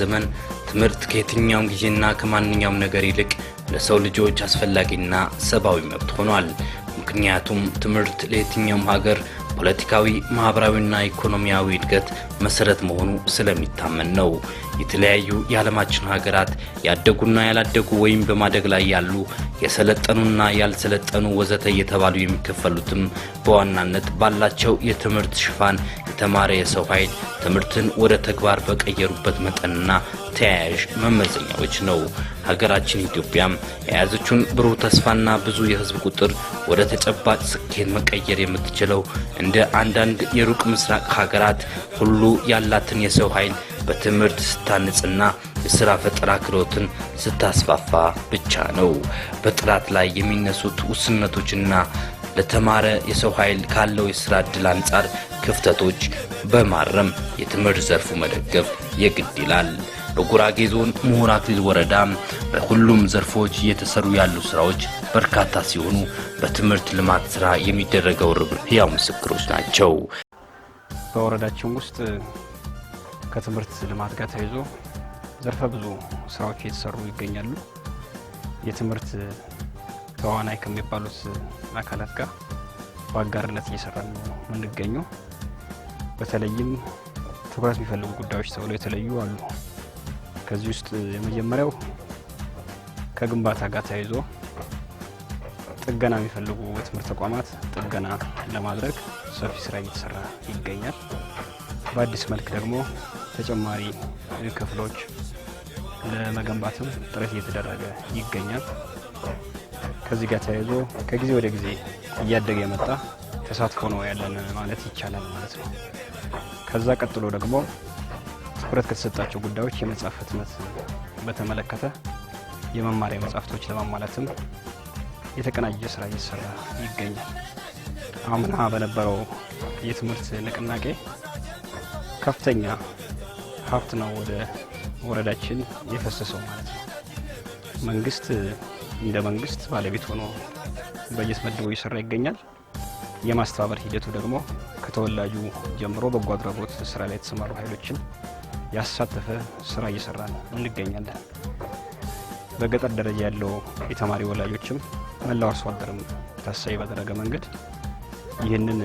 ዘመን ትምህርት ከየትኛውም ጊዜና ከማንኛውም ነገር ይልቅ ለሰው ልጆች አስፈላጊና ሰብአዊ መብት ሆኗል። ምክንያቱም ትምህርት ለየትኛውም ሀገር ፖለቲካዊ፣ ማኅበራዊና ኢኮኖሚያዊ እድገት መሠረት መሆኑ ስለሚታመን ነው። የተለያዩ የዓለማችን ሀገራት ያደጉና ያላደጉ ወይም በማደግ ላይ ያሉ የሰለጠኑና ያልሰለጠኑ ወዘተ እየተባሉ የሚከፈሉትም በዋናነት ባላቸው የትምህርት ሽፋን የተማረ የሰው ኃይል ትምህርትን ወደ ተግባር በቀየሩበት መጠንና ተያያዥ መመዘኛዎች ነው። ሀገራችን ኢትዮጵያ የያዘችውን ብሩህ ተስፋና ብዙ የህዝብ ቁጥር ወደ ተጨባጭ ስኬት መቀየር የምትችለው እንደ አንዳንድ የሩቅ ምስራቅ ሀገራት ሁሉ ያላትን የሰው ኃይል በትምህርት ስታንጽና የሥራ ፈጠራ ክህሎትን ስታስፋፋ ብቻ ነው። በጥራት ላይ የሚነሱት ውስነቶችና ለተማረ የሰው ኃይል ካለው የሥራ ዕድል አንጻር ክፍተቶች በማረም የትምህርት ዘርፉ መደገፍ የግድ ይላል። በጉራጌ ዞን አክሊል ወረዳ በሁሉም ዘርፎች እየተሰሩ ያሉ ስራዎች በርካታ ሲሆኑ በትምህርት ልማት ስራ የሚደረገው ርብርብ ሕያው ምስክሮች ናቸው። በወረዳችን ውስጥ ከትምህርት ልማት ጋር ተይዞ ዘርፈ ብዙ ስራዎች እየተሰሩ ይገኛሉ። የትምህርት ተዋናይ ከሚባሉት አካላት ጋር በአጋርነት እየሰራ ነው የምንገኘው። በተለይም ትኩረት የሚፈልጉ ጉዳዮች ተብለው የተለዩ አሉ። ከዚህ ውስጥ የመጀመሪያው ከግንባታ ጋር ተያይዞ ጥገና የሚፈልጉ የትምህርት ተቋማት ጥገና ለማድረግ ሰፊ ስራ እየተሰራ ይገኛል። በአዲስ መልክ ደግሞ ተጨማሪ ክፍሎች ለመገንባትም ጥረት እየተደረገ ይገኛል። ከዚህ ጋር ተያይዞ ከጊዜ ወደ ጊዜ እያደገ የመጣ ተሳትፎ ነው ያለን ማለት ይቻላል ማለት ነው። ከዛ ቀጥሎ ደግሞ ትኩረት ከተሰጣቸው ጉዳዮች የመጽሐፍ ህትመት በተመለከተ የመማሪያ መጽሐፍቶች ለማሟላትም የተቀናጀ ስራ እየተሰራ ይገኛል። አምና በነበረው የትምህርት ንቅናቄ ከፍተኛ ሀብት ነው ወደ ወረዳችን የፈሰሰው ማለት ነው። መንግስት እንደ መንግስት ባለቤት ሆኖ በጀት መድቦ እየሰራ ይገኛል። የማስተባበር ሂደቱ ደግሞ ከተወላጁ ጀምሮ በጎ አድራጎት ስራ ላይ የተሰማሩ ኃይሎችን ያሳተፈ ስራ እየሰራን እንገኛለን። በገጠር ደረጃ ያለው የተማሪ ወላጆችም መላው አርሶ አደርም ታሳቢ ባደረገ መንገድ ይህንን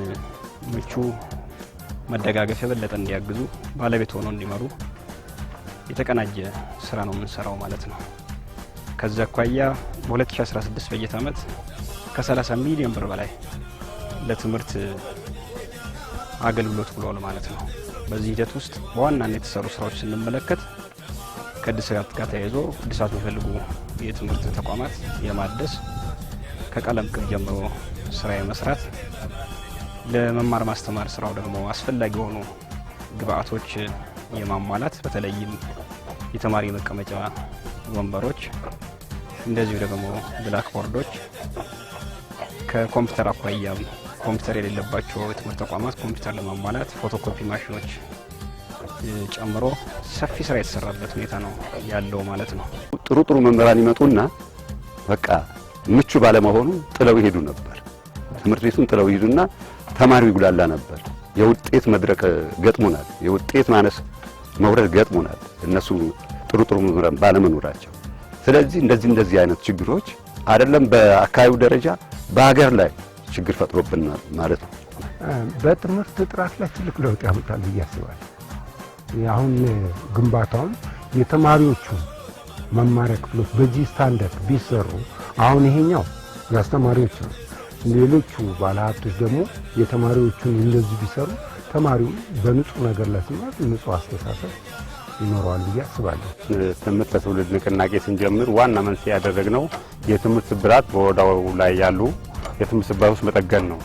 ምቹ መደጋገፍ የበለጠ እንዲያግዙ ባለቤት ሆነው እንዲመሩ የተቀናጀ ስራ ነው የምንሰራው ማለት ነው። ከዚ አኳያ በ2016 በጀት ዓመት ከ30 ሚሊዮን ብር በላይ ለትምህርት አገልግሎት ውሏል ማለት ነው። በዚህ ሂደት ውስጥ በዋናና የተሰሩ ስራዎች ስንመለከት ከእድሳት ጋር ተያይዞ እድሳት የሚፈልጉ የትምህርት ተቋማት የማደስ ከቀለም ቅብ ጀምሮ ስራ የመስራት ለመማር ማስተማር ስራው ደግሞ አስፈላጊ የሆኑ ግብአቶች የማሟላት በተለይም የተማሪ መቀመጫ ወንበሮች፣ እንደዚሁ ደግሞ ብላክቦርዶች ከኮምፒውተር አኳያም ኮምፒውተር የሌለባቸው የትምህርት ተቋማት ኮምፒውተር ለማሟላት ፎቶኮፒ ማሽኖች ጨምሮ ሰፊ ስራ የተሰራበት ሁኔታ ነው ያለው ማለት ነው። ጥሩ ጥሩ መምህራን ይመጡና በቃ ምቹ ባለመሆኑ ጥለው ይሄዱ ነበር። ትምህርት ቤቱን ጥለው ይሄዱና ተማሪው ይጉላላ ነበር። የውጤት መድረክ ገጥሞናል። የውጤት ማነስ መውረድ ገጥሞናል። እነሱ ጥሩ ጥሩ መምህራን ባለመኖራቸው ስለዚህ እንደዚህ እንደዚህ አይነት ችግሮች አይደለም በአካባቢው ደረጃ በሀገር ላይ ችግር ፈጥሮብናል ማለት ነው። በትምህርት ጥራት ላይ ትልቅ ለውጥ ያመጣል ብዬ አስባለሁ። አሁን ግንባታውም የተማሪዎቹ መማሪያ ክፍሎች በዚህ ስታንዳርድ ቢሰሩ አሁን ይሄኛው የአስተማሪዎች ነው። ሌሎቹ ባለሀብቶች ደግሞ የተማሪዎቹን እንደዚህ ቢሰሩ ተማሪው በንጹህ ነገር ላይ ሲማር ንጹህ አስተሳሰብ ይኖረዋል ብዬ አስባለሁ። ትምህርት ለትውልድ ንቅናቄ ስንጀምር ዋና መንስኤ ያደረግነው የትምህርት ስብራት በወዳው ላይ ያሉ የትምህርት ስብራት ውስጥ መጠገን ነው።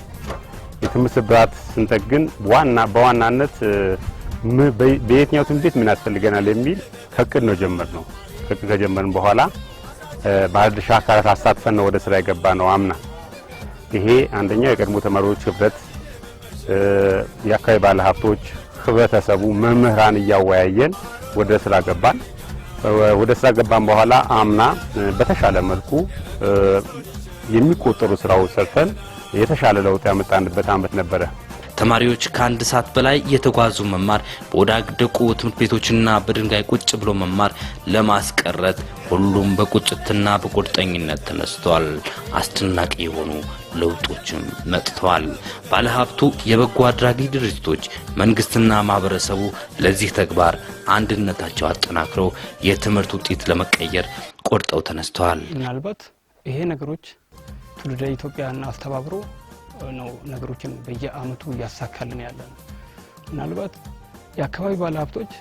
የትምህርት ስብራት ስንጠግን ዋና በዋናነት በየትኛው ትምህርት ቤት ምን ያስፈልገናል የሚል ከቅድ ነው ጀመር ነው። ከቅድ ከጀመርን በኋላ ባለድርሻ አካላት አሳትፈን ነው ወደ ስራ የገባ ነው አምና። ይሄ አንደኛው የቀድሞ ተማሪዎች ህብረት፣ የአካባቢ ባለሀብቶች፣ ህብረተሰቡ፣ መምህራን እያወያየን ወደ ስራ ገባን። ወደ ስራ ገባን በኋላ አምና በተሻለ መልኩ የሚቆጠሩ ስራዎች ሰርተን የተሻለ ለውጥ ያመጣንበት አመት ነበረ። ተማሪዎች ከአንድ ሰዓት በላይ የተጓዙ መማር በወዳደቁ ትምህርት ቤቶችና በድንጋይ ቁጭ ብሎ መማር ለማስቀረት ሁሉም በቁጭትና በቁርጠኝነት ተነስቷል። አስደናቂ የሆኑ ለውጦችም መጥተዋል። ባለሀብቱ፣ የበጎ አድራጊ ድርጅቶች፣ መንግስትና ማህበረሰቡ ለዚህ ተግባር አንድነታቸው አጠናክረው የትምህርት ውጤት ለመቀየር ቆርጠው ተነስተዋል። ምናልባት ይሄ ነገሮች ትውልደ ኢትዮጵያን አስተባብሮ ነው ነገሮችን በየአመቱ እያሳካልን ያለ ነው። ምናልባት የአካባቢ ባለሀብቶች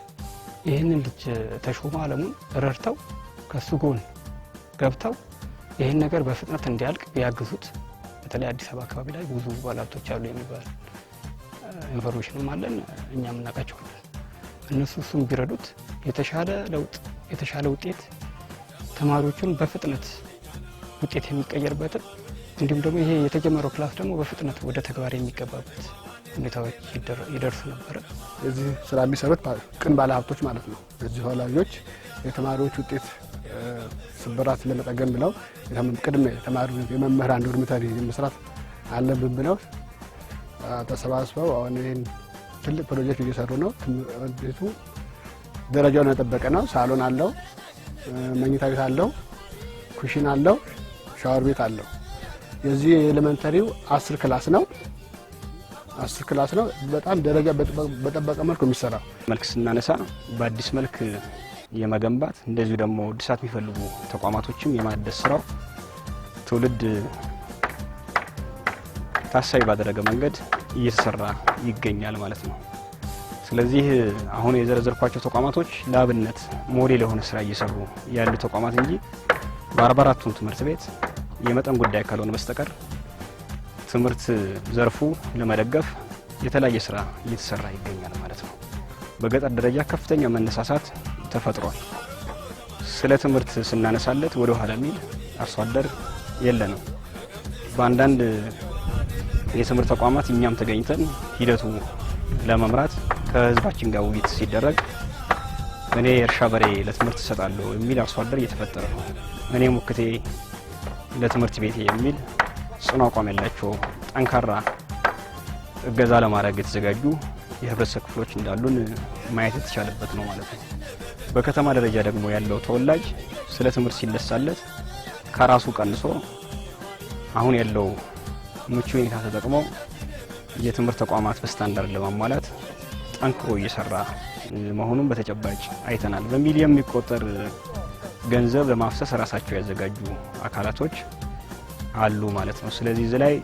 ይህንን ልጅ ተሾመ አለሙን ረድተው ከሱ ጎን ገብተው ይህን ነገር በፍጥነት እንዲያልቅ ቢያግዙት በተለይ አዲስ አበባ አካባቢ ላይ ብዙ ባለሀብቶች አሉ የሚባል ኢንፎርሜሽንም አለን እኛ የምናውቃቸው እነሱ እሱም ቢረዱት የተሻለ ለውጥ የተሻለ ውጤት ተማሪዎቹን በፍጥነት ውጤት የሚቀየርበትን እንዲሁም ደግሞ ይሄ የተጀመረው ክላስ ደግሞ በፍጥነት ወደ ተግባር የሚገባበት ሁኔታዎች ይደርሱ ነበረ። እዚህ ስራ የሚሰሩት ቅን ባለሀብቶች ማለት ነው። እዚህ ወላጆች የተማሪዎች ውጤት ስብራትን ለመጠገን ብለው ቅድመ የተማሪ የመምህራን ዶርሚተሪ መስራት አለብን ብለው ተሰባስበው አሁን ይህን ትልቅ ፕሮጀክት እየሰሩ ነው። ቤቱ ደረጃውን የጠበቀ ነው። ሳሎን አለው፣ መኝታ ቤት አለው፣ ኩሽን አለው፣ ሻወር ቤት አለው። የዚህ ኤሌመንተሪው አስር ክላስ ነው አስር ክላስ ነው። በጣም ደረጃ በጠበቀ መልኩ የሚሰራ መልክ ስናነሳ በአዲስ መልክ የመገንባት እንደዚሁ ደግሞ እድሳት የሚፈልጉ ተቋማቶችም የማደስ ስራው ትውልድ ታሳቢ ባደረገ መንገድ እየተሰራ ይገኛል ማለት ነው። ስለዚህ አሁን የዘረዘርኳቸው ተቋማቶች ለአብነት ሞዴል የሆነ ስራ እየሰሩ ያሉ ተቋማት እንጂ በአርባ ትምህርት ቤት የመጠን ጉዳይ ካልሆነ በስተቀር ትምህርት ዘርፉ ለመደገፍ የተለያየ ስራ እየተሰራ ይገኛል ማለት ነው። በገጠር ደረጃ ከፍተኛ መነሳሳት ተፈጥሯል። ስለ ትምህርት ስናነሳለት ወደ ኋላ የሚል አርሶ አደር የለ ነው። በአንዳንድ የትምህርት ተቋማት እኛም ተገኝተን ሂደቱ ለመምራት ከህዝባችን ጋር ውይይት ሲደረግ እኔ የእርሻ በሬ ለትምህርት እሰጣለሁ የሚል አርሶ አደር እየተፈጠረ ነው። እኔ ሙክቴ ለትምህርት ቤቴ የሚል ጽኑ አቋም ያላቸው ጠንካራ እገዛ ለማድረግ የተዘጋጁ የህብረተሰብ ክፍሎች እንዳሉን ማየት የተቻለበት ነው ማለት ነው። በከተማ ደረጃ ደግሞ ያለው ተወላጅ ስለ ትምህርት ሲለሳለት ከራሱ ቀንሶ አሁን ያለው ምቹ ሁኔታ ተጠቅሞ የትምህርት ተቋማት በስታንዳርድ ለማሟላት ጠንክሮ እየሰራ መሆኑን በተጨባጭ አይተናል። በሚል የሚቆጠር ገንዘብ ለማፍሰስ ራሳቸው ያዘጋጁ አካላቶች አሉ ማለት ነው። ስለዚህ እዚህ ላይ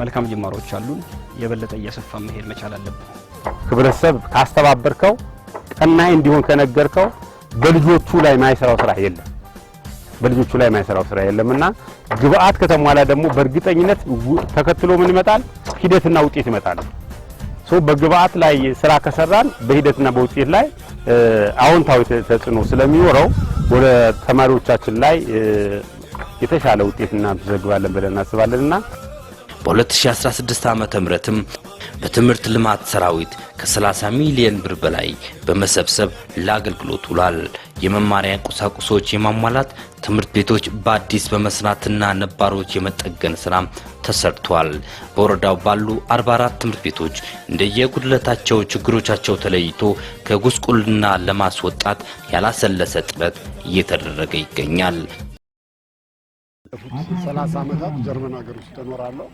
መልካም ጅማሮች አሉን። የበለጠ እያሰፋ መሄድ መቻል አለብን። ህብረተሰብ ካስተባበርከው ቀናይ እንዲሆን ከነገርከው በልጆቹ ላይ ማይሰራው ስራ የለም። በልጆቹ ላይ ማይሰራው ስራ የለምና ግብአት ከተሟላ ደግሞ በእርግጠኝነት ተከትሎ ምን ይመጣል? ሂደትና ውጤት ይመጣል። ሶ በግብአት ላይ ስራ ከሰራን በሂደትና በውጤት ላይ አዎንታዊ ተጽዕኖ ስለሚኖረው ወደ ተማሪዎቻችን ላይ የተሻለ ውጤት እናስመዘግባለን ብለን እና በ2016 ዓ.ም በትምህርት ልማት ሰራዊት ከ30 ሚሊዮን ብር በላይ በመሰብሰብ ለአገልግሎት ውሏል። የመማሪያ ቁሳቁሶች የማሟላት ትምህርት ቤቶች በአዲስ በመስራትና ነባሮች የመጠገን ስራ ተሰርቷል። በወረዳው ባሉ 44 ትምህርት ቤቶች እንደየጉድለታቸው ችግሮቻቸው ተለይቶ ከጉስቁልና ለማስወጣት ያላሰለሰ ጥረት እየተደረገ ይገኛል። 30 ዓመታት ጀርመን ሀገር ውስጥ እኖራለሁ።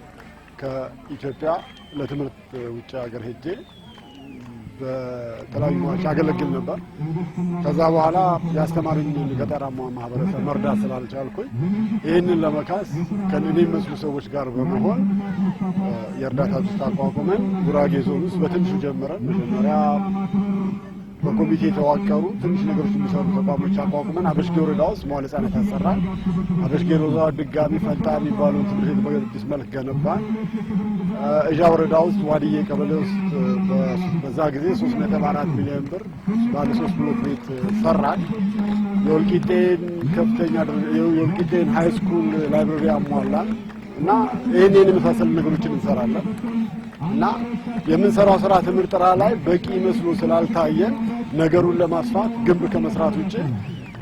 ከኢትዮጵያ ለትምህርት ውጭ ሀገር ሄጄ በተለያዩ ሙያዎች ያገለግል ነበር። ከዛ በኋላ ያስተማሩኝን ገጠራማ ማህበረሰብ መርዳት ስላልቻልኩኝ ይህንን ለመካስ ከእኔ መስሉ ሰዎች ጋር በመሆን የእርዳታ ውስጥ አቋቁመን ጉራጌ ዞን ውስጥ በትንሹ ጀምረን መጀመሪያ በኮሚቴ የተዋቀሩ ትንሽ ነገሮች የሚሰሩ ተቋሞች አቋቁመን አበሽጌ ወረዳ ውስጥ መዋለ ህጻናት ያሰራል። አበሽጌ ወረዳ ድጋሚ ፈልጣ የሚባለውን ትምህርት ቤት በአዲስ መልክ ገነባን። እዣ ወረዳ ውስጥ ዋድዬ ቀበሌ ውስጥ በዛ ጊዜ ሶስት ነጥብ አራት ሚሊዮን ብር ባለ ሶስት ብሎክ ቤት ሰራል። የወልቂጤን ከፍተኛ የወልቂጤን ሀይ ስኩል ላይብረሪ አሟላል እና ይህን የመሳሰሉ ነገሮችን እንሰራለን። እና የምንሰራው ስራ ትምህርት ጥራ ላይ በቂ መስሎ ስላልታየን ነገሩን ለማስፋት ግንብ ከመስራት ውጭ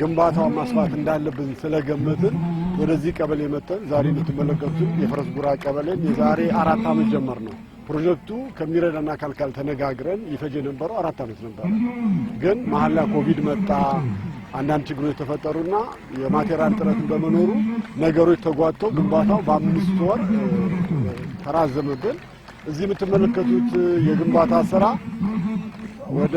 ግንባታውን ማስፋት እንዳለብን ስለገመትን ወደዚህ ቀበሌ መጥተን ዛሬ የምትመለከቱት የፈረስ ጉራ ቀበሌን የዛሬ አራት ዓመት ጀመር ነው። ፕሮጀክቱ ከሚረዳና አካል ጋር ተነጋግረን ይፈጅ የነበረው አራት ዓመት ነበር። ግን መሀል ላይ ኮቪድ መጣ። አንዳንድ ችግሮች ተፈጠሩና የማቴሪያል ጥረትን በመኖሩ ነገሮች ተጓተው ግንባታው በአምስት ወር ተራዘመብን። እዚህ የምትመለከቱት የግንባታ ስራ ወደ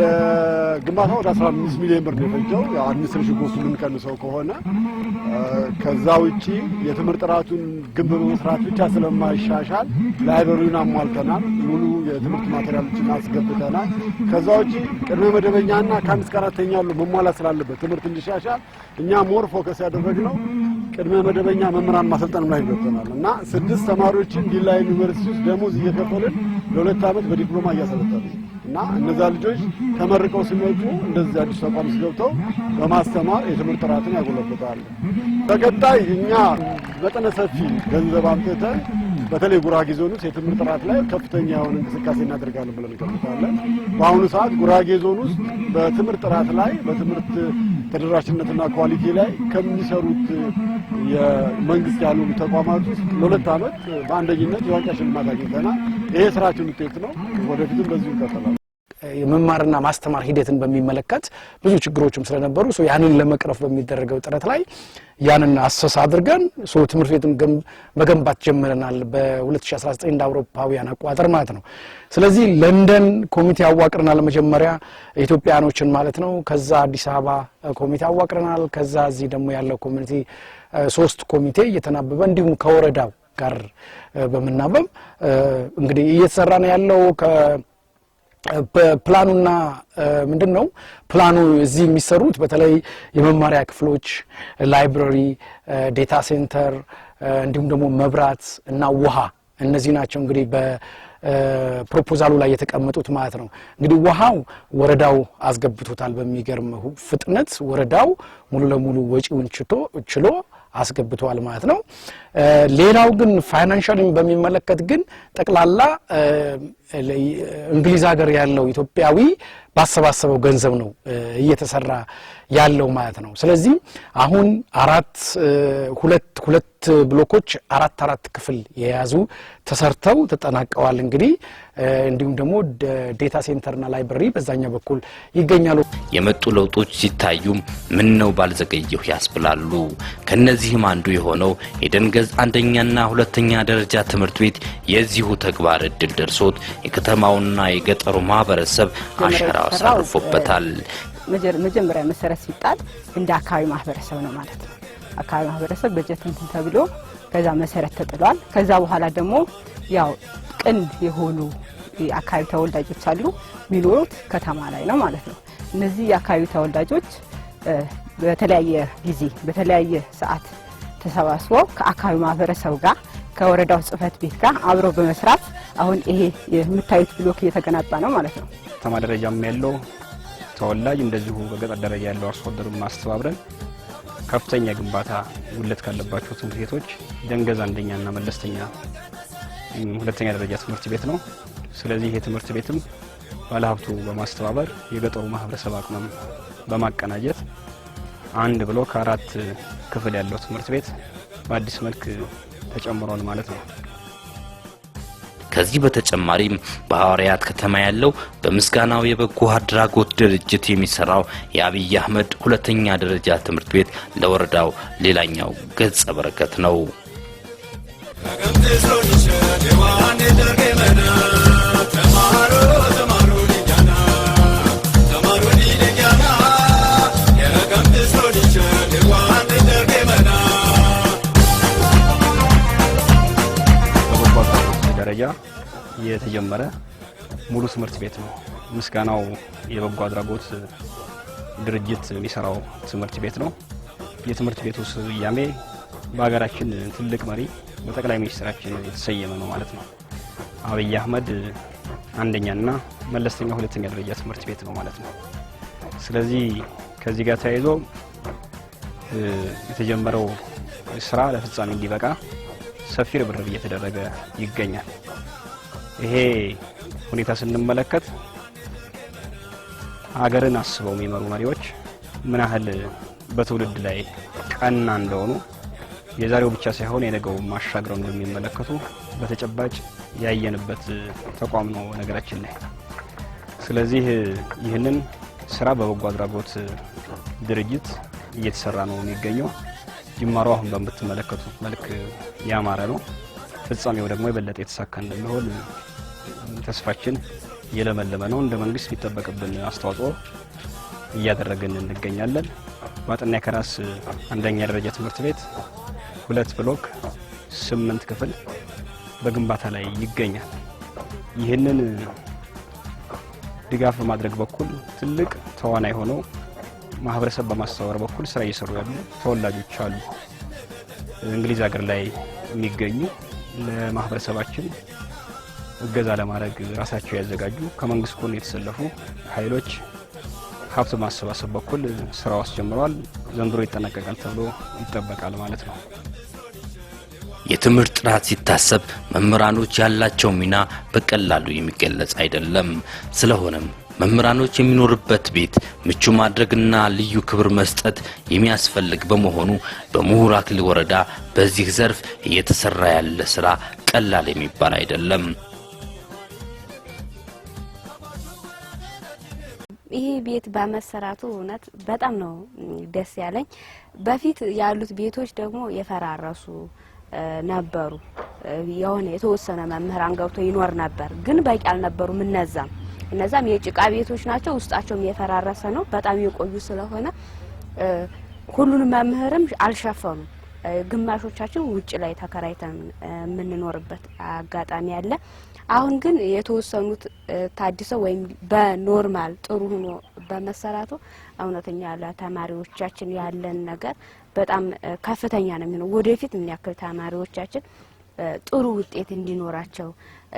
ግንባታ ወደ 15 ሚሊዮን ብር ነው የፈጀው። ያው አድሚኒስትሬሽን ኮስቱ የምንቀንሰው ከሆነ ከዛ ውጪ የትምህርት ጥራቱን ግንብ በመስራት ብቻ ስለማይሻሻል ላይብረሪውን አሟልተናል። ሙሉ የትምህርት ማቴሪያሎችን አስገብተናል። ከዛ ውጪ ቅድመ መደበኛና ከአንድ እስከ አራተኛ መሟላት ስላለበት ትምህርት እንዲሻሻል እኛ ሞር ፎከስ ያደረግነው ቅድመ መደበኛ መምህራን ማሰልጠን ላይ ገብተናል እና ስድስት ተማሪዎችን ዲላ ዩኒቨርሲቲ ውስጥ ደሞዝ እየከፈልን ለሁለት ዓመት በዲፕሎማ እያሰለጠን እና እነዛ ልጆች ተመርቀው ሲመጡ እንደዚህ አዲስ ተቋም ሲገብተው በማስተማር የትምህርት ጥራትን ያጎለብታል። በቀጣይ እኛ መጠነ ሰፊ ገንዘብ አምጥተን በተለይ ጉራጌ ዞን ውስጥ የትምህርት ጥራት ላይ ከፍተኛ የሆነ እንቅስቃሴ እናደርጋለን ብለን እንገምታለን። በአሁኑ ሰዓት ጉራጌ ዞን ውስጥ በትምህርት ጥራት ላይ በትምህርት ተደራሽነትና ኳሊቲ ላይ ከሚሰሩት የመንግስት ያሉ ተቋማት ውስጥ ለሁለት ዓመት በአንደኝነት የዋንጫ ሽልማት አግኝተናል። ይሄ ስራችን ውጤት ነው። ወደፊትም በዚሁ ይቀጥላል። የመማርና ማስተማር ሂደትን በሚመለከት ብዙ ችግሮችም ስለነበሩ ያንን ለመቅረፍ በሚደረገው ጥረት ላይ ያንን አሰስ አድርገን ትምህርት ቤትም መገንባት ጀምረናል፣ በ2019 እንደ አውሮፓውያን አቋጠር ማለት ነው። ስለዚህ ለንደን ኮሚቴ አዋቅረናል፣ መጀመሪያ ኢትዮጵያኖችን ማለት ነው። ከዛ አዲስ አበባ ኮሚቴ አዋቅረናል። ከዛ እዚህ ደግሞ ያለው ኮሚኒቲ ሶስት ኮሚቴ እየተናበበ እንዲሁም ከወረዳው ጋር በመናበብ እንግዲህ እየተሰራ ነው ያለው። ፕላኑና ምንድን ነው ፕላኑ እዚህ የሚሰሩት በተለይ የመማሪያ ክፍሎች፣ ላይብረሪ፣ ዴታ ሴንተር እንዲሁም ደግሞ መብራት እና ውሃ እነዚህ ናቸው እንግዲህ በፕሮፖዛሉ ላይ የተቀመጡት ማለት ነው። እንግዲህ ውሃው ወረዳው አስገብቶታል። በሚገርም ፍጥነት ወረዳው ሙሉ ለሙሉ ወጪውን ችሎ አስገብተዋል ማለት ነው። ሌላው ግን ፋይናንሻል በሚመለከት ግን ጠቅላላ እንግሊዝ ሀገር ያለው ኢትዮጵያዊ ባሰባሰበው ገንዘብ ነው እየተሰራ ያለው ማለት ነው። ስለዚህ አሁን አራት ሁለት ሁለት ብሎኮች አራት አራት ክፍል የያዙ ተሰርተው ተጠናቀዋል። እንግዲህ እንዲሁም ደግሞ ዴታ ሴንተርና ላይብረሪ በዛኛው በኩል ይገኛሉ። የመጡ ለውጦች ሲታዩም ምን ነው ባልዘገየሁ ያስብላሉ። ከነዚህም አንዱ የሆነው የደንገዝ አንደኛና ሁለተኛ ደረጃ ትምህርት ቤት የዚሁ ተግባር እድል ደርሶት የከተማውና የገጠሩ ማህበረሰብ አሻራ አሳርፎበታል። መጀመሪያ መሰረት ሲጣል እንደ አካባቢ ማህበረሰብ ነው ማለት ነው። አካባቢ ማህበረሰብ በጀት እንትን ተብሎ ከዛ መሰረት ተጥሏል። ከዛ በኋላ ደግሞ ያው ቅን የሆኑ የአካባቢ ተወላጆች አሉ የሚኖሩት ከተማ ላይ ነው ማለት ነው። እነዚህ የአካባቢ ተወላጆች በተለያየ ጊዜ በተለያየ ሰዓት ተሰባስበው ከአካባቢ ማህበረሰብ ጋር ከወረዳው ጽህፈት ቤት ጋር አብረው በመስራት አሁን ይሄ የምታዩት ብሎክ እየተገነባ ነው ማለት ነው። በከተማ ደረጃም ያለው ተወላጅ እንደዚሁ በገጠር ደረጃ ያለው አርሶ አደሩን ማስተባብረን ከፍተኛ ግንባታ ውለት ካለባቸው ትምህርት ቤቶች ደንገዝ አንደኛና መለስተኛ ሁለተኛ ደረጃ ትምህርት ቤት ነው። ስለዚህ ይህ ትምህርት ቤትም ባለሀብቱ በማስተባበር የገጠሩ ማህበረሰብ አቅምም በማቀናጀት አንድ ብሎ ከአራት ክፍል ያለው ትምህርት ቤት በአዲስ መልክ ተጨምሯል ማለት ነው። ከዚህ በተጨማሪም በሐዋርያት ከተማ ያለው በምስጋናው የበጎ አድራጎት ድርጅት የሚሰራው የአብይ አህመድ ሁለተኛ ደረጃ ትምህርት ቤት ለወረዳው ሌላኛው ገጸ በረከት ነው። የተጀመረ ሙሉ ትምህርት ቤት ነው። ምስጋናው የበጎ አድራጎት ድርጅት የሚሰራው ትምህርት ቤት ነው። የትምህርት ቤቱ ስያሜ በሀገራችን ትልቅ መሪ በጠቅላይ ሚኒስትራችን የተሰየመ ነው ማለት ነው። አብይ አህመድ አንደኛና መለስተኛ ሁለተኛ ደረጃ ትምህርት ቤት ነው ማለት ነው። ስለዚህ ከዚህ ጋር ተያይዞ የተጀመረው ስራ ለፍጻሜ እንዲበቃ ሰፊ ርብርብ እየተደረገ ይገኛል። ይሄ ሁኔታ ስንመለከት ሀገርን አስበው የሚመሩ መሪዎች ምን ያህል በትውልድ ላይ ቀና እንደሆኑ የዛሬው ብቻ ሳይሆን የነገው ማሻግረው እንደሚመለከቱ በተጨባጭ ያየንበት ተቋም ነው ነገራችን ላይ። ስለዚህ ይህንን ስራ በበጎ አድራጎት ድርጅት እየተሰራ ነው የሚገኘው። ጅማሮ አሁን በምትመለከቱት መልክ ያማረ ነው። ፍጻሜው ደግሞ የበለጠ የተሳካ እንደሚሆን ተስፋችን እየለመለመ ነው። እንደ መንግስት የሚጠበቅብን አስተዋጽኦ እያደረግን እንገኛለን። ዋጥና ከራስ አንደኛ ደረጃ ትምህርት ቤት ሁለት ብሎክ ስምንት ክፍል በግንባታ ላይ ይገኛል። ይህንን ድጋፍ በማድረግ በኩል ትልቅ ተዋናይ ሆነው ማህበረሰብ በማስተዋወር በኩል ስራ እየሰሩ ያሉ ተወላጆች አሉ። እንግሊዝ ሀገር ላይ የሚገኙ ለማህበረሰባችን እገዛ ለማድረግ ራሳቸው ያዘጋጁ ከመንግስት ጎን የተሰለፉ ኃይሎች ሀብት ማሰባሰብ በኩል ስራው አስጀምረዋል። ዘንድሮ ይጠናቀቃል ተብሎ ይጠበቃል ማለት ነው። የትምህርት ጥራት ሲታሰብ መምህራኖች ያላቸው ሚና በቀላሉ የሚገለጽ አይደለም። ስለሆነም መምህራኖች የሚኖርበት ቤት ምቹ ማድረግና ልዩ ክብር መስጠት የሚያስፈልግ በመሆኑ በምሁር አክሊል ወረዳ በዚህ ዘርፍ እየተሰራ ያለ ስራ ቀላል የሚባል አይደለም። ይሄ ቤት በመሰራቱ እውነት በጣም ነው ደስ ያለኝ። በፊት ያሉት ቤቶች ደግሞ የፈራረሱ ነበሩ። የሆነ የተወሰነ መምህራን ገብቶ ይኖር ነበር፣ ግን በቂ አልነበሩም። እነዛም እነዛም የጭቃ ቤቶች ናቸው። ውስጣቸውም የፈራረሰ ነው። በጣም የቆዩ ስለሆነ ሁሉንም መምህርም አልሸፈኑም። ግማሾቻችን ውጭ ላይ ተከራይተን የምንኖርበት አጋጣሚ አለ። አሁን ግን የተወሰኑት ታድሰው ወይም በኖርማል ጥሩ ሆኖ በመሰራቱ እውነተኛ ለተማሪዎቻችን ያለን ነገር በጣም ከፍተኛ ነው የሚሆነው። ወደፊት ምን ያክል ተማሪዎቻችን ጥሩ ውጤት እንዲኖራቸው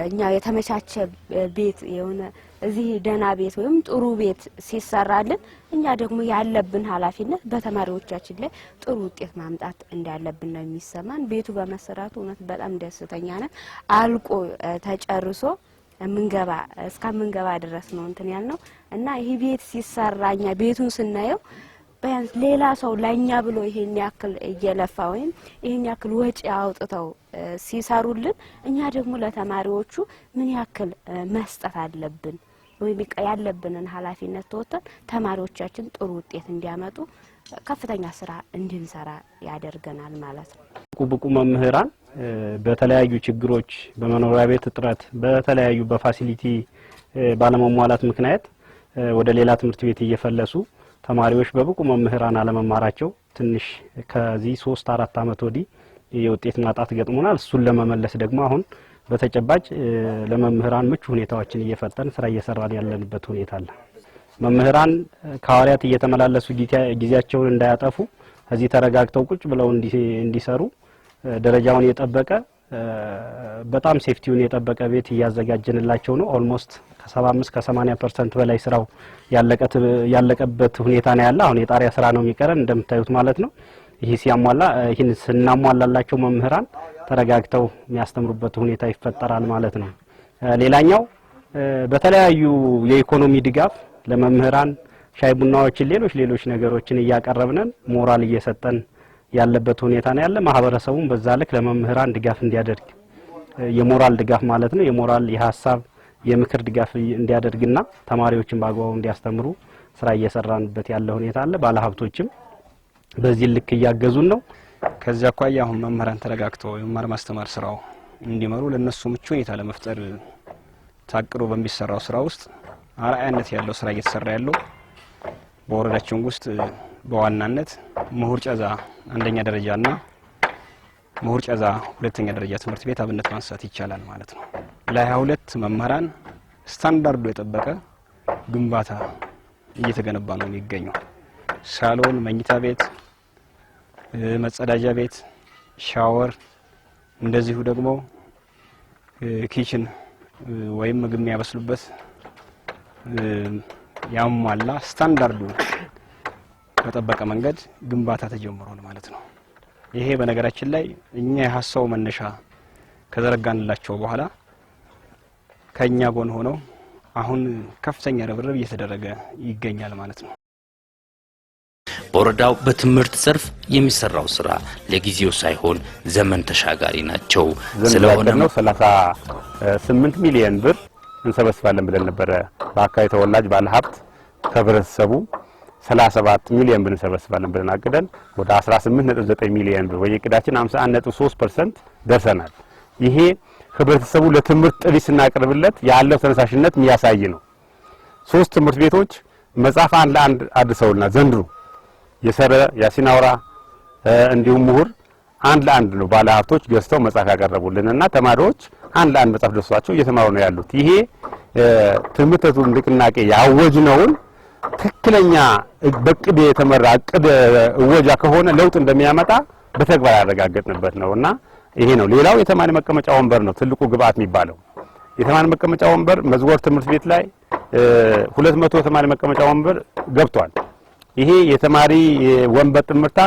እኛ የተመቻቸ ቤት የሆነ እዚህ ደህና ቤት ወይም ጥሩ ቤት ሲሰራልን እኛ ደግሞ ያለብን ኃላፊነት በተማሪዎቻችን ላይ ጥሩ ውጤት ማምጣት እንዳለብን ነው የሚሰማን። ቤቱ በመሰራቱ እውነት በጣም ደስተኛ ነን። አልቆ ተጨርሶ ምንገባ እስከምንገባ ድረስ ነው እንትን ያልነው እና ይህ ቤት ሲሰራ እኛ ቤቱን ስናየው ቢያንስ ሌላ ሰው ለእኛ ብሎ ይሄን ያክል እየለፋ ወይም ይሄን ያክል ወጪ አውጥተው ሲሰሩልን እኛ ደግሞ ለተማሪዎቹ ምን ያክል መስጠት አለብን? ያለብንን ኃላፊነት ተወጥተን ተማሪዎቻችን ጥሩ ውጤት እንዲያመጡ ከፍተኛ ስራ እንድንሰራ ያደርገናል ማለት ነው። ብቁ ብቁ መምህራን በተለያዩ ችግሮች፣ በመኖሪያ ቤት እጥረት፣ በተለያዩ በፋሲሊቲ ባለመሟላት ምክንያት ወደ ሌላ ትምህርት ቤት እየፈለሱ ተማሪዎች በብቁ መምህራን አለመማራቸው ትንሽ ከዚህ ሶስት አራት አመት ወዲህ የውጤት ማጣት ገጥሞናል። እሱን ለመመለስ ደግሞ አሁን በተጨባጭ ለመምህራን ምቹ ሁኔታዎችን እየፈጠን ስራ እየሰራን ያለንበት ሁኔታ አለ። መምህራን ከሐዋርያት እየተመላለሱ ጊዜያቸውን እንዳያጠፉ እዚህ ተረጋግተው ቁጭ ብለው እንዲሰሩ ደረጃውን የጠበቀ በጣም ሴፍቲውን የጠበቀ ቤት እያዘጋጀንላቸው ነው። ኦልሞስት ከ75 ከ80 ፐርሰንት በላይ ስራው ያለቀበት ሁኔታ ነው ያለ። አሁን የጣሪያ ስራ ነው የሚቀረን እንደምታዩት ማለት ነው። ይህ ሲያሟላ ይህን ስናሟላላቸው መምህራን ተረጋግተው የሚያስተምሩበት ሁኔታ ይፈጠራል ማለት ነው። ሌላኛው በተለያዩ የኢኮኖሚ ድጋፍ ለመምህራን ሻይ ቡናዎችን፣ ሌሎች ሌሎች ነገሮችን እያቀረብነን ሞራል እየሰጠን ያለበት ሁኔታ ነው ያለ። ማህበረሰቡም በዛ ልክ ለመምህራን ድጋፍ እንዲያደርግ የሞራል ድጋፍ ማለት ነው የሞራል የሀሳብ የምክር ድጋፍ እንዲያደርግና ተማሪዎችን በአግባቡ እንዲያስተምሩ ስራ እየሰራንበት ያለ ሁኔታ አለ። ባለሀብቶችም በዚህ ልክ እያገዙን ነው። ከዚህ አኳያ አሁን መምህራን ተረጋግቶ የመማር ማስተማር ስራው እንዲመሩ ለእነሱ ምቹ ሁኔታ ለመፍጠር ታቅዶ በሚሰራው ስራ ውስጥ አርአያነት ያለው ስራ እየተሰራ ያለው በወረዳችን ውስጥ በዋናነት ምሁር ጨዛ አንደኛ ደረጃና ምሁር ጨዛ ሁለተኛ ደረጃ ትምህርት ቤት አብነት ማንሳት ይቻላል ማለት ነው። ለሀያ ሁለት መምህራን ስታንዳርዱ የጠበቀ ግንባታ እየተገነባ ነው የሚገኘው። ሳሎን፣ መኝታ ቤት መጸዳጃ ቤት፣ ሻወር እንደዚሁ ደግሞ ኪችን ወይም ምግብ የሚያበስሉበት ያሟላ ስታንዳርዱ በጠበቀ መንገድ ግንባታ ተጀምሯል ማለት ነው። ይሄ በነገራችን ላይ እኛ የሀሳቡ መነሻ ከዘረጋንላቸው በኋላ ከእኛ ጎን ሆነው አሁን ከፍተኛ ርብርብ እየተደረገ ይገኛል ማለት ነው። በወረዳው በትምህርት ዘርፍ የሚሰራው ስራ ለጊዜው ሳይሆን ዘመን ተሻጋሪ ናቸው። ስለሆነ 38 ሚሊዮን ብር እንሰበስባለን ብለን ነበረ። በአካባቢ ተወላጅ ባለሀብት ከህብረተሰቡ 37 ሚሊዮን ብር እንሰበስባለን ብለን አቅደን ወደ 18.9 ሚሊዮን ብር በየቅዳችን 51.3% ደርሰናል። ይሄ ህብረተሰቡ ለትምህርት ጥሪ ስናቀርብለት ያለው ተነሳሽነት የሚያሳይ ነው። ሶስት ትምህርት ቤቶች መጽሐፍ አንድ ለአንድ አድርሰውልና ዘንድሮ የሰረ ያሲን አውራ እንዲሁም ምሁር አንድ ለአንድ ነው ባለሀብቶች ገዝተው መጽሐፍ ያቀረቡልን እና ተማሪዎች አንድ ለአንድ መጽሐፍ ደርሷቸው እየተማሩ ነው ያሉት። ይሄ ትምህርቱን ንቅናቄ ያወጅነውን ትክክለኛ በቅድ የተመራ እቅድ እወጃ ከሆነ ለውጥ እንደሚያመጣ በተግባር ያረጋገጥንበት ነው እና ይሄ ነው። ሌላው የተማሪ መቀመጫ ወንበር ነው ትልቁ ግብአት የሚባለው የተማሪ መቀመጫ ወንበር መዝወር ትምህርት ቤት ላይ ሁለት መቶ የተማሪ መቀመጫ ወንበር ገብቷል። ይሄ የተማሪ ወንበር ጥምርታ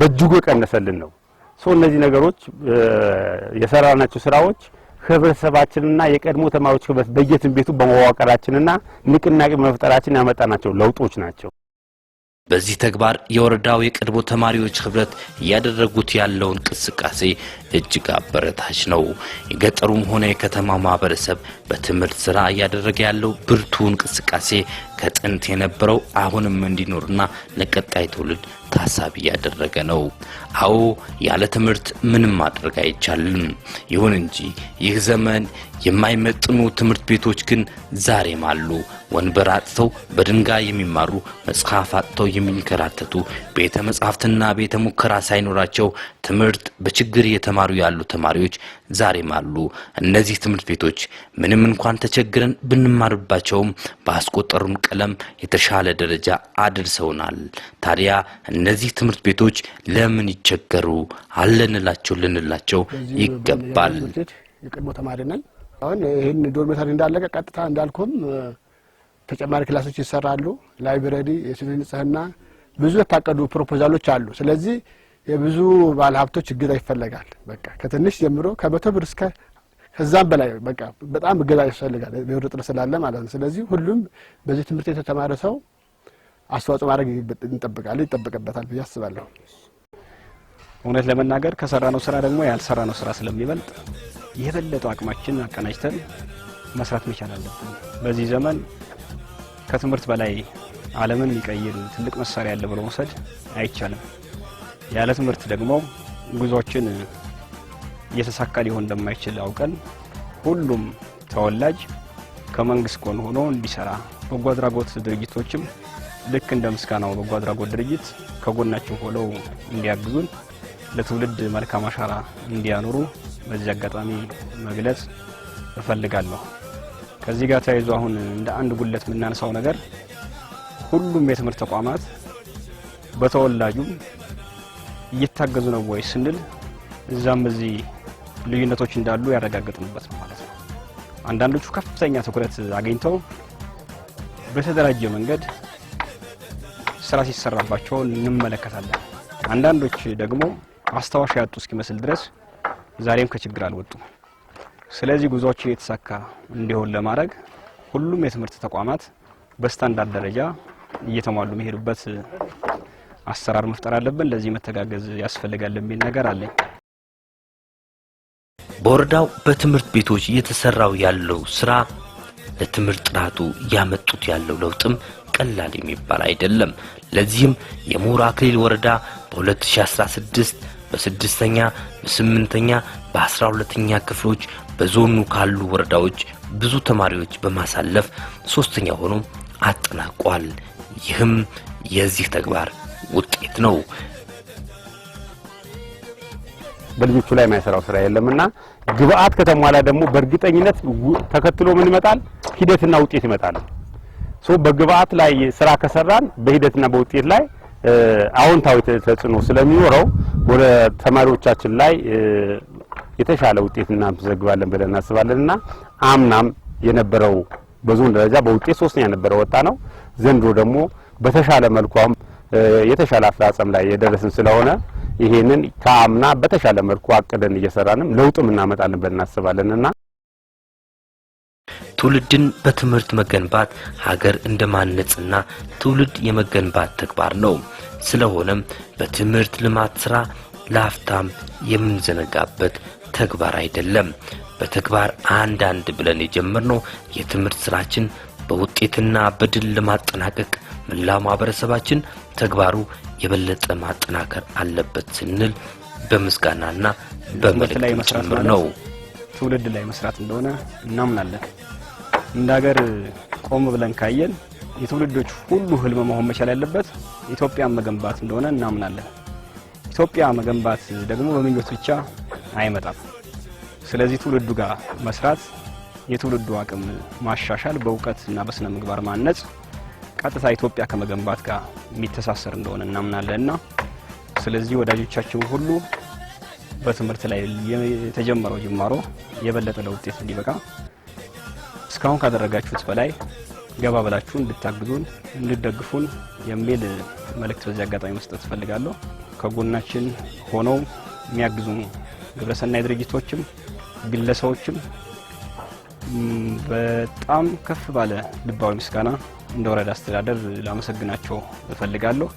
በእጅጉ የቀነሰልን ነው። ሰው እነዚህ ነገሮች የሰራናቸው ስራዎች ህብረተሰባችንና የቀድሞ ተማሪዎች ህብረት በየትምህርት ቤቱ በመዋቀራችንና ንቅናቄ በመፍጠራችን ያመጣናቸው ለውጦች ናቸው። በዚህ ተግባር የወረዳው የቀድሞ ተማሪዎች ህብረት እያደረጉት ያለው እንቅስቃሴ እጅግ አበረታች ነው። የገጠሩም ሆነ የከተማ ማህበረሰብ በትምህርት ስራ እያደረገ ያለው ብርቱ እንቅስቃሴ ከጥንት የነበረው አሁንም እንዲኖርና ለቀጣይ ትውልድ ታሳቢ እያደረገ ነው። አዎ ያለ ትምህርት ምንም ማድረግ አይቻልም። ይሁን እንጂ ይህ ዘመን የማይመጥኑ ትምህርት ቤቶች ግን ዛሬም አሉ። ወንበር አጥተው በድንጋይ የሚማሩ መጽሐፍ አጥተው የሚንከራተቱ ቤተ መጽሐፍትና ቤተ ሙከራ ሳይኖራቸው ትምህርት በችግር እየተማሩ ያሉ ተማሪዎች ዛሬም አሉ። እነዚህ ትምህርት ቤቶች ምንም እንኳን ተቸግረን ብንማርባቸውም ባስቆጠሩን ቀለም የተሻለ ደረጃ አድርሰውናል። ታዲያ እነዚህ ትምህርት ቤቶች ለምን ይቸገሩ አለንላቸው ልንላቸው ይገባል። የቀድሞ ተማሪ ነን። አሁን ይህን ዶርሜታሪ እንዳለቀ ቀጥታ እንዳልኩም ተጨማሪ ክላሶች ይሰራሉ። ላይብረሪ፣ የስነ ንጽህና ብዙ የታቀዱ ፕሮፖዛሎች አሉ። ስለዚህ የብዙ ባለሀብቶች እገዛ ይፈለጋል። በቃ ከትንሽ ጀምሮ ከመቶ ብር እስከ ከዛም በላይ በቃ በጣም እገዛ ይፈልጋል። ብር ጥር ስላለ ማለት ነው። ስለዚህ ሁሉም በዚህ ትምህርት የተተማረ ሰው አስተዋጽኦ ማድረግ እንጠብቃለን ይጠበቅበታል ብዬ አስባለሁ። እውነት ለመናገር ከሰራነው ስራ ደግሞ ያልሰራ ነው ስራ ስለሚበልጥ የበለጠው አቅማችን አቀናጅተን መስራት መቻል አለብን በዚህ ዘመን ከትምህርት በላይ ዓለምን የሚቀይር ትልቅ መሳሪያ አለ ብሎ መውሰድ አይቻልም። ያለ ትምህርት ደግሞ ጉዞችን እየተሳካ ሊሆን እንደማይችል አውቀን ሁሉም ተወላጅ ከመንግስት ጎን ሆኖ እንዲሰራ በጎ አድራጎት ድርጅቶችም ልክ እንደ ምስጋናው በጎ አድራጎት ድርጅት ከጎናቸው ሆነው እንዲያግዙን ለትውልድ መልካም አሻራ እንዲያኖሩ በዚህ አጋጣሚ መግለጽ እፈልጋለሁ። ከዚህ ጋር ተያይዞ አሁን እንደ አንድ ጉለት የምናነሳው ነገር ሁሉም የትምህርት ተቋማት በተወላጁም እየታገዙ ነው ወይ ስንል እዛም እዚህ ልዩነቶች እንዳሉ ያረጋገጥንበት ነው ማለት ነው። አንዳንዶቹ ከፍተኛ ትኩረት አግኝተው በተደራጀ መንገድ ስራ ሲሰራባቸው እንመለከታለን። አንዳንዶች ደግሞ አስታዋሽ ያጡ እስኪመስል ድረስ ዛሬም ከችግር አልወጡም። ስለዚህ ጉዟቸው የተሳካ እንዲሆን ለማድረግ ሁሉም የትምህርት ተቋማት በስታንዳርድ ደረጃ እየተሟሉ የሚሄዱበት አሰራር መፍጠር አለብን። ለዚህ መተጋገዝ ያስፈልጋል የሚል ነገር አለኝ። በወረዳው በትምህርት ቤቶች እየተሰራው ያለው ስራ ለትምህርት ጥራቱ እያመጡት ያለው ለውጥም ቀላል የሚባል አይደለም። ለዚህም የምሁር አክሊል ወረዳ በ2016 በስድስተኛ በስምንተኛ በአስራ ሁለተኛ ክፍሎች በዞኑ ካሉ ወረዳዎች ብዙ ተማሪዎች በማሳለፍ ሶስተኛ ሆኖ አጠናቋል። ይህም የዚህ ተግባር ውጤት ነው። በልጆቹ ላይ የማይሰራው ስራ የለምና ግብአት ከተሟላ ደግሞ በእርግጠኝነት ተከትሎ ምን ይመጣል? ሂደትና ውጤት ይመጣል። ሶ በግብአት ላይ ስራ ከሰራን በሂደትና በውጤት ላይ አዎንታዊ ተጽዕኖ ስለሚኖረው ወደ ተማሪዎቻችን ላይ የተሻለ ውጤት እናስመዘግባለን ብለን እናስባለን እና አምናም የነበረው በዞን ደረጃ በውጤት ሶስተኛ የነበረው ወጣ ነው። ዘንድሮ ደግሞ በተሻለ መልኩ አሁን የተሻለ አፈጻጸም ላይ የደረስን ስለሆነ ይሄንን ከአምና በተሻለ መልኩ አቅደን እየሰራንም ለውጥም እናመጣለን ብለን እናስባለንና ትውልድን በትምህርት መገንባት ሀገር እንደ ማነጽና ትውልድ የመገንባት ተግባር ነው። ስለሆነም በትምህርት ልማት ስራ ለአፍታም የምንዘነጋበት በተግባር አይደለም። በተግባር አንድ አንድ ብለን የጀመርነው የትምህርት ስራችን በውጤትና በድል ለማጠናቀቅ መላ ማህበረሰባችን ተግባሩ የበለጠ ማጠናከር አለበት ስንል በምስጋናና በመልእክት ጭምር ነው። ትውልድ ላይ መስራት እንደሆነ እናምናለን። እንደ ሀገር ቆም ብለን ካየን የትውልዶች ሁሉ ህልም መሆን መቻል ያለበት ኢትዮጵያን መገንባት እንደሆነ እናምናለን። ኢትዮጵያ መገንባት ደግሞ በምኞት ብቻ አይመጣም። ስለዚህ ትውልዱ ጋር መስራት፣ የትውልዱ አቅም ማሻሻል፣ በእውቀትና በስነ ምግባር ማነጽ ቀጥታ ኢትዮጵያ ከመገንባት ጋር የሚተሳሰር እንደሆነ እናምናለን ስለዚህ ወዳጆቻችን ሁሉ በትምህርት ላይ የተጀመረው ጅማሮ የበለጠ ለውጤት እንዲበቃ እስካሁን ካደረጋችሁት በላይ ገባ ብላችሁ እንድታግዙን እንድደግፉን የሚል መልእክት በዚህ አጋጣሚ መስጠት እፈልጋለሁ። ከጎናችን ሆነው የሚያግዙን ግብረሰናይ ድርጅቶችም ግለሰቦችም በጣም ከፍ ባለ ልባዊ ምስጋና እንደ ወረዳ አስተዳደር ላመሰግናቸው እፈልጋለሁ።